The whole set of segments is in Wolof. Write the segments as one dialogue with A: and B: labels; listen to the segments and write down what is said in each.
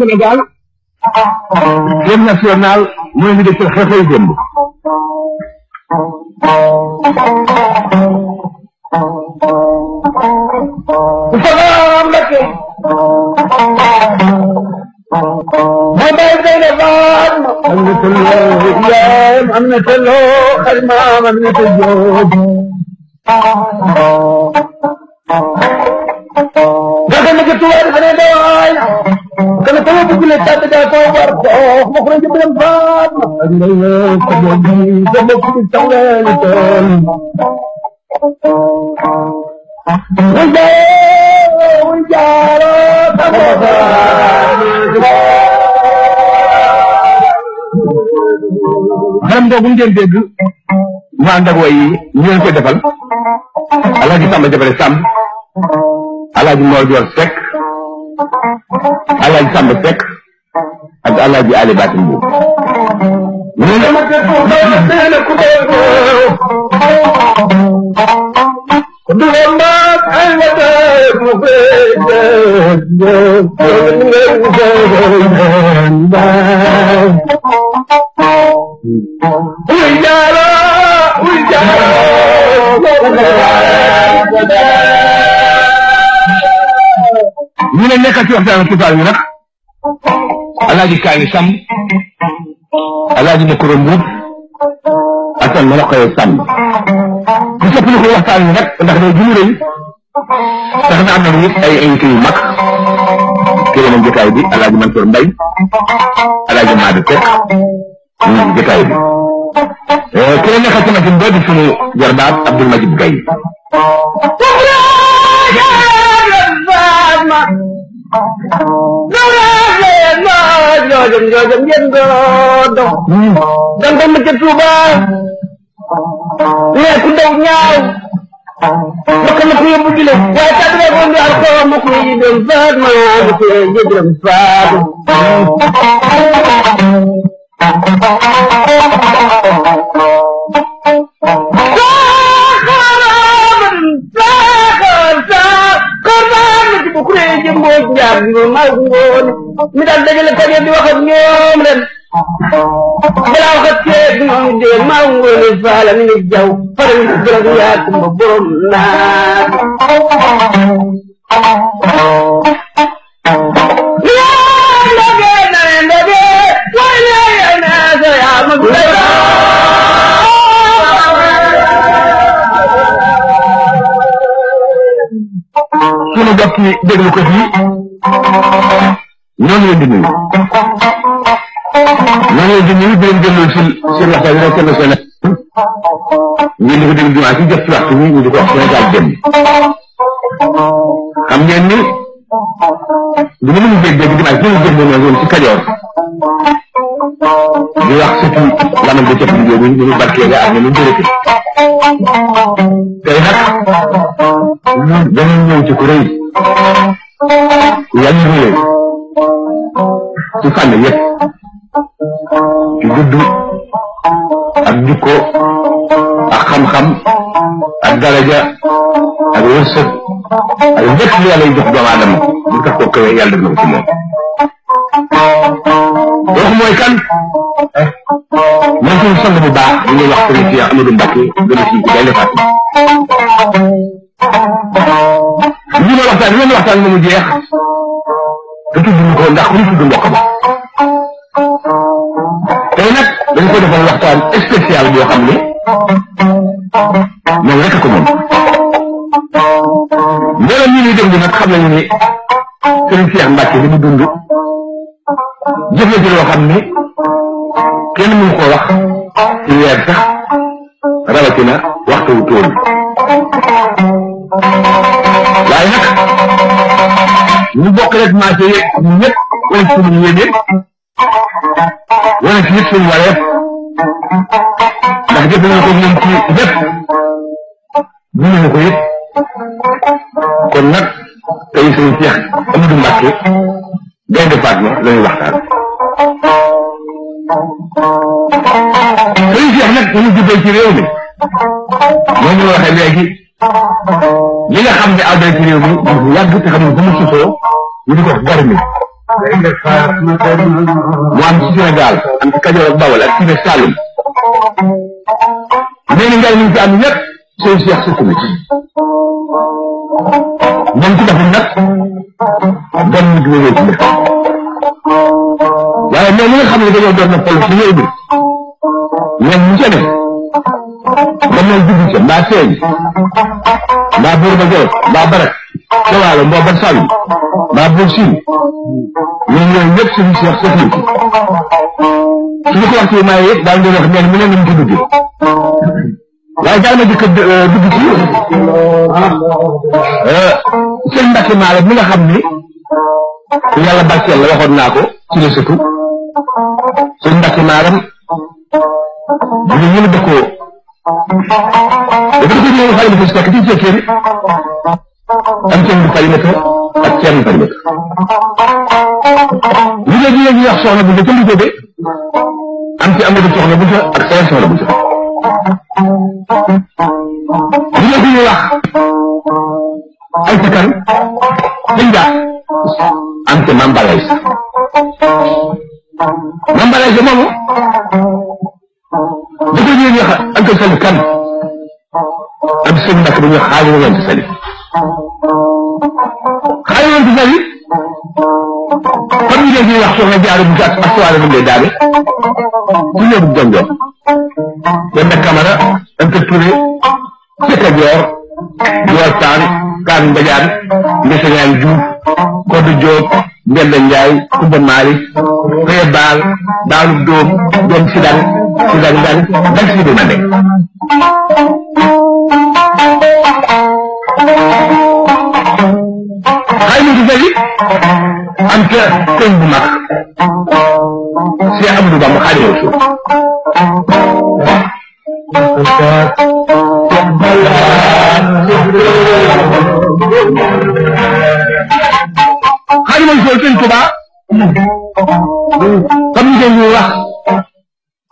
A: réew Sénégal seen national mooy ñu def seen xeexay démb Moustapha Mbacké mooy bàyyi Seyna Fall am na tëlloo yaayam am na tëlloo xarimaam am na tëjoob nga gën a jëttuwaay dafa ne doo Bugüne çatıda kovardı. Muhrinci bilen var. Allah'ın kabulü. Zamanı tavlayın. Uyga, Alhaji Samba Seck ak Alhaji Ali Batim Mbuub mu ne seena ku doogo ku duga mbaat ay wataay mu uy jaara ñu ne nekkal ci waxtaanu tubaab yi nag alaaji kaani sam alaaji ne ko rombu atal ma la sam sàmm ku sopp na ko waxtaan ñu nak ndax do jullu rëy ndax na am na nit ay invité mak mag kii nañ jotaay bi alaaji man Mansour mbay alaaji ma de Tek ñu ngi jotaay bi kii nekkal ci machine boobu sunu jarbaat Abdoul Majid Gaye ñoo jëm ñoo jëm ngeen doon dem ba mujj Tuuba lekk ndaw ñaaw bakk na ko yóbbu jule waaye kàddu la ko ndax ko mu ko yi doon faat ma bu ko yëgëram faatu daal di ñëw maa ngi woon mi daal dajale taje di wax ak ñoom ren balaa wax ak ceeb bi ñu dee maa ngi woon faala mi ngi jaw faral di jël yaa kumba borom naat. sunu bopp yi déglu ko fii ñoo ngi leen di nuyu ñoo ngi leen di nuyu di leen jëloon si seen waxtaan yi kenn seen ñu di ko déglu jumaa si jot waxtu bi ñu di ko wax Sénégal jëm xam ngeen ni du ma mën a dégg dégg jumaa si ñu jëm noonu woon si Kajoor di wax sëti lamal ba cëpp liggéey bi ñu barkee nga am ne ñu jërëte tey nag ñun dañuy ñëw ci ku rëy Yang ini, tuhan fànn yëpp ci gudd ak jikko ak xam-xam ak daraja ak wërsëg ak lépp lu yàlla jox doomu aadama bu tax ko kawe yàlla def na ko ci moom wax mooy kan waxtaan bi doon waxtaan ba mu jeex te tudd ko ndax ku ñu tudd mbokk ba tey nag dañ ko defal waxtaan spécial boo xam ne moom rek ko moom mboolem ñi ñuy déglu nag xam nañu ne Serigne Cheikh Mbacke li mu dund jëf na ci loo xam ne kenn mënu ko wax ci weer sax rawatina waxtu wu tool waaye nag ñu bokk rek maa ci yëpp ñu ñëpp wane suñu yéene wane si ñëpp suñu wareef ndax jëf nañu ko ñoom ci jëf ñu nañu ko yëpp kon nag tey suñu Cheikh Amadou Mbacke Gaynde Fatma la ñuy waxtaan suñu Cheikh nag ñu juddoo ci réew mi moo ñu waxee léegi li nga xam ne aw day ci réew mi mu yàgg te xam ne bu mu sosoo ñu di ko garmi mu am ci Sénégal am ci Kajoor ak Bawol ak Sine Saalum nee na ngar mi fi am yépp seen Cheikh sukk na nga xam ne dañoo si ñëw bi ñoom ñu ca ne ba mooy dugg ca Babour Ba Barak Jowaalo Mboban Saalum Babour Siin ñoom ñooñu ñëpp suñu si wax soxla nañ ko suñu ko wax ci daal di wax ne mu ne nañ ci duggee waaye daal ma dikk euh, dugg ci seen mbàkki maale mi nga xam ni yàlla barkeel la waxoon naa ko ci la sëtu seen mbàkki maaram ñu dëkkoo በመደበኛው ኃይል ተስተካክቶ ይችላል አንተም በቃይነተ አጥያም ይፈልግ ይለጂ ይለጂ ያሰውነ በትል ይገበ አንተ አመደ ተሆነ ብቻ አክሰስ ነው ብቻ ይለጂ ይላ አይተካል እንዳ አንተ ማንባላይስ ማንባላይስ ደግሞ ደግሞ ይለጂ አንተ ሰልካን suñu nak bu ñu xaalimu yent sali xaalimu yent sali kon ñu leen di wax soxna jaaru bu gàtt ak suwaale mu ngay daane bu ñëw bu jonjo dem na kamara ante touré jëkka joor joor taan kaan mbajaan sidang sidang dang dag h Aliou Diaby am ca sëñ bu mag Cheikh Amadou Bamba x a d i m u r a s u u Xaadimu Rasuul sëñ Tuubaa xam nga ñu wax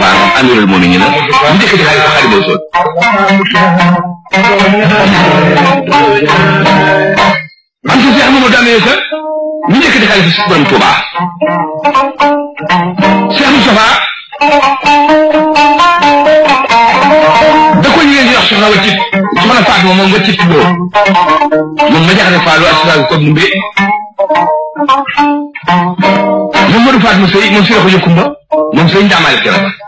A: baaram amirul mu'minin la bu njëkk ci xarit xarit boo sol am si Cheikh Mamadou Amee sa mu njëkk di xarit si borom Touba Cheikh Moustapha da ko ñu leen di wax soxna wa cib soxna Faatma moom nga cib doo moom ma jaxase Fallou ak Sall ko mu mbee moom Modou Faatma sëy moom si la ko yëkkumba moom sëy ndaamaale keroog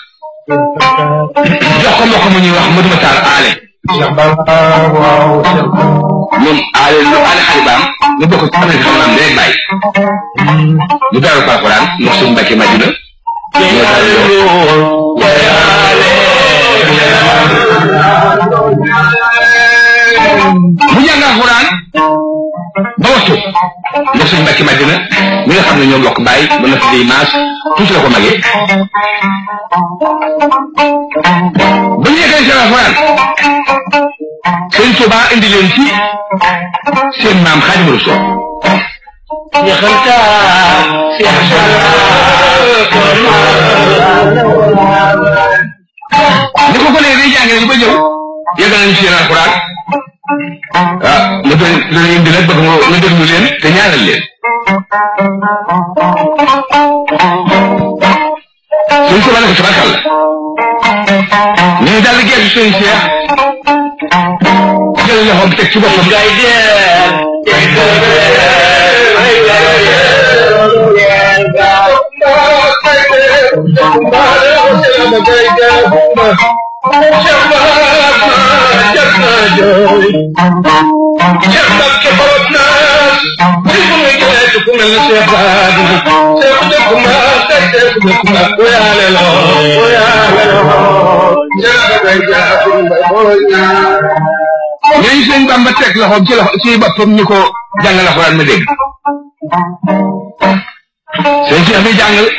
A: xaw ma ko mu ñuy wax Madou Matar Allé. moom Allé lu Allé xalibaam ñu bokk ci xarit xam naa day bàyyi. ñu daaru Alxuraan ndax suñu mbàkkee Madina. ñoo daal di mu jàng Alxuraan ba waxtu ba suñ mbàkki màgg na ñi nga xam ne ñoo bokk bàyyi ba na tuddee maas tuuti la ko magee ba ñu yeggee seen alxuraan sëñ Touba indi leen ci seen maam xaadim rusul ni ko ko lee day jàng ñu ba ñëw yegg nañu seen alxuraan ah nga doon doon indi nag bëgg nga nga déglu leen te ñaanal leen suñ sama nag sama kàll ñu dal di gëstu جنبك فرط ناس منكم رجالكم الشباب سبتكم سبتكم ويا للهول ويا للهول جنبك رجالكم فرط ناس ñuy sëñ bamba teg loxo ci loxo ci boppam ñu ko jàngal alxuraan ma dégg sëñ si dafay jàngale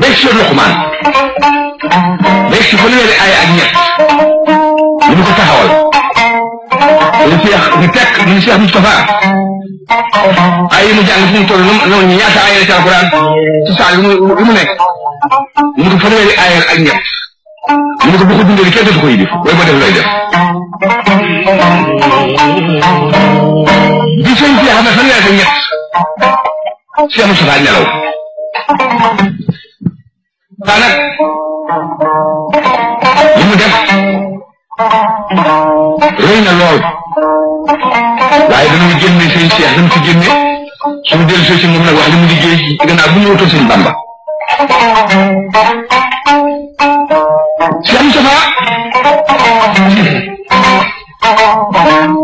A: béy si Luqmaan béy si fanweeri aaya ak ñett ñu ko taxawal ñu feex ñu teg ñu Cheikh Moustapha ay mu jàng fi mu toll noonu ñu ñaata aaya ci alquran ci saa yu mu nekk ñu ko fanweeri ko bu ko dundee kenn dootu ko yidif way def looy def bi sëñ bi xam ne fanweeri ak ñett Siamo stati a l l o a n a y m u d a Reina lool. a a dañu génne seen c i k dañ ci génne s u ñ d e l soo m o m nag wax li mu i g e y ci g a n a a u ñu w t a s e n bamba. c i k m o s t a p h a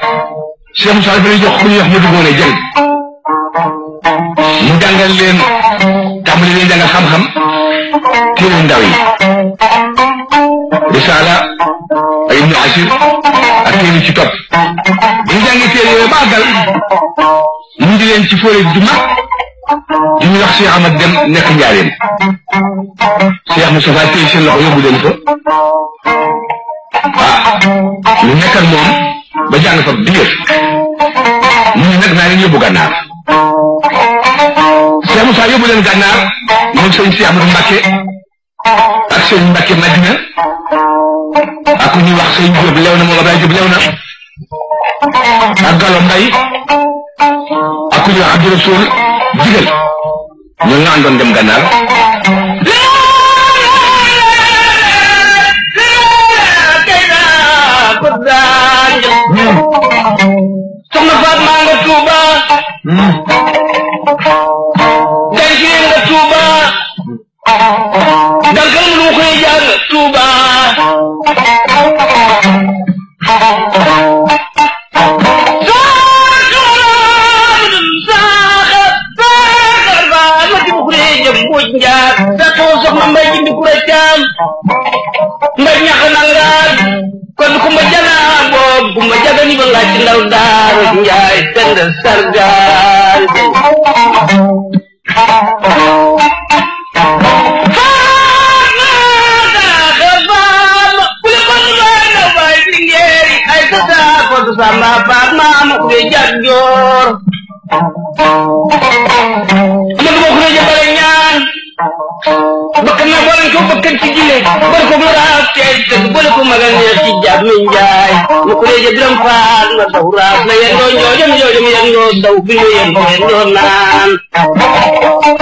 A: cheikh Moussa dafa leen jox ku ñuy wax Modou Ngoné Dieng mu jàngal leen tàmbali leen jàngal xam-xam téere ndaw yi risaala ak ibnu asir ak téere ci topp bu ñu jàngee téere yooyu ba àggal mu di leen ci fóore du mag di ñu wax Cheikh Ahmad dem nekk njaareem Cheikh Moussa Fall téye seen loxo yóbbu leen fa waaw ñu nekk ak moom ba jàng fa biir mu ne nag naa leen yóbbu gànnaar Cheikh Moussa yóbbu leen gànnaar moom sëñ si Amadou Mbacke ak sëñ Mbacke Madina ak ñuy wax sëñ Diop lew na moom la bay Diop lew na ak Gallo Mbaye ak ku ñuy wax Abdou Rasoul Digal ñoom ñoo àndoon dem gànnaar 卖个猪吧，真心的猪吧。terjadi sama Pak Mamuk di Jagor. Ini kerja jabalingan. gannaaw boo leen ko bëkkan ci jile boole ko mën a teel tëgg boole ko mën a neex ci jaab mi njaay mu ko léegi biram faat na daw raas na yendoo njoojam njoojam yendoo daw bi ñu yendoo yendoo naan